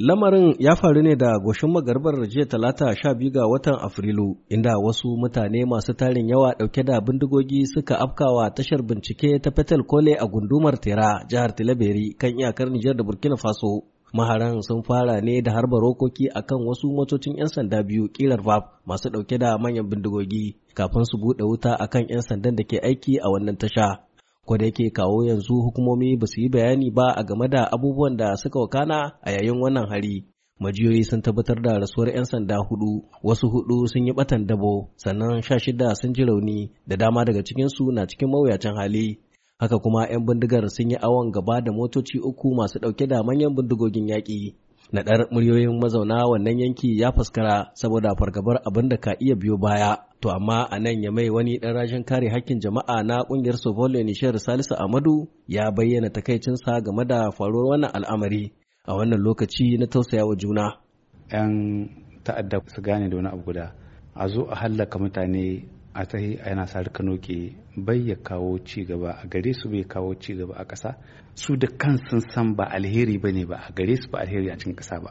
Lamarin ya faru ne da goshin magarbar jiya talata sha biyu ga watan Afrilu, inda wasu mutane masu tarin yawa ɗauke da bindigogi suka afkawa tashar bincike ta Fetal Kole a gundumar Tera, jihar Tilaberi kan iyakar Nijar da Burkina Faso. Maharan sun fara ne da harba rokoki akan wasu motocin 'yan sanda biyu ƙirar VAP masu ɗauke da manyan bindigogi kafin su buɗe wuta akan 'yan sandan da ke aiki a wannan tasha. da yake kawo yanzu hukumomi ba su yi bayani ba a game da abubuwan da suka wakana a yayin wannan hari majiyoyi sun tabbatar da rasuwar 'yan sanda hudu wasu hudu sun yi batan dabo sannan sha shida sun ji rauni da dama daga cikinsu na cikin mawuyacin hali haka kuma 'yan bindigar sun yi awon gaba da motoci uku masu dauke da manyan bindigogin yaƙi naɗar muryoyin mazauna wannan yanki ya faskara saboda fargabar abin da ka iya biyo baya To amma a nan ya mai wani ɗan rashin kare hakkin jama'a na ƙungiyar Sovole Nishiyar Salisu Amadu ya bayyana takaicinsa game da faruwar wannan al'amari a wannan lokaci na wa juna. 'Yan ta'adda su gane da wani abu guda a zo a hallaka mutane a ta yi yana sa ke bai ya kawo ci a gare su bai kawo ci gaba a ƙasa su da kan sun san ba alheri ba ne ba a gare su ba alheri a cikin ƙasa ba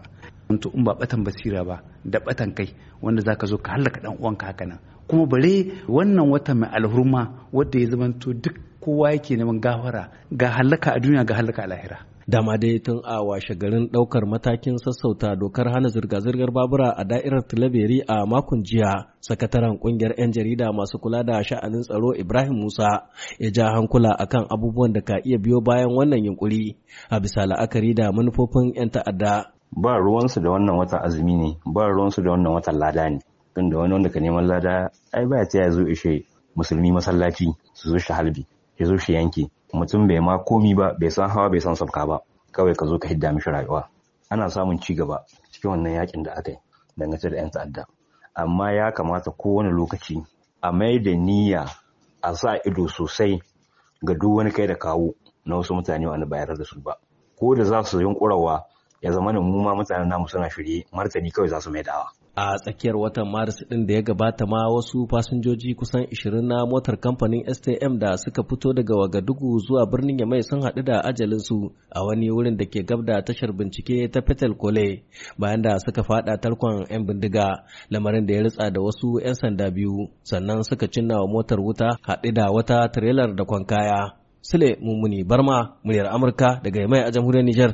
to in ba batan basira ba da batan kai wanda zaka zo ka hallaka ɗan uwanka haka nan kuma bare wannan wata mai alhurma wanda ya zamanto duk kowa yake neman gafara ga halaka a duniya ga halaka a lahira dama dai tun a washe garin daukar matakin sassauta dokar hana zirga-zirgar babura a da'irar tilaberi a makon jiya sakataren kungiyar 'yan jarida masu kula da sha'anin tsaro ibrahim musa ya ja hankula akan abubuwan da ka iya biyo bayan wannan yunkuri a bisa la'akari da manufofin 'yan ta'adda ba ruwansu da wannan watan azumi ne ba ruwansu da wannan watan lada ne tunda wani wanda ka neman lada ai ba ta ya zo ishe musulmi masallaci su zo shi ya zo shi yanke mutum bai ma komi ba bai san hawa bai san sabka ba kawai ka zo ka hidda mishi rayuwa ana samun ci gaba cikin wannan yakin da aka yi dangance da 'yan ta'adda amma ya kamata kowane lokaci a mai da niyya a sa ido sosai ga duk wani kai da kawo na wasu mutane wani ba da su ba ko da za su yunkurawa ya zama da mu ma mutanen namu suna shirye martani kawai za su mai dawa a tsakiyar watan maris ɗin da ya gabata ma wasu fasinjoji kusan 20 na motar kamfanin stm da suka fito daga wagadugu zuwa birnin yamai sun haɗu da ajalinsu a wani wurin da ke gabda tashar bincike ta petel kole bayan da suka fada tarkon 'yan bindiga lamarin da ya ritsa da wasu 'yan sanda biyu sannan suka cinna wa motar wuta haɗu da wata tirelar da kwankaya sule mummuni barma muryar amurka daga yamai a jamhuriyar Nijar.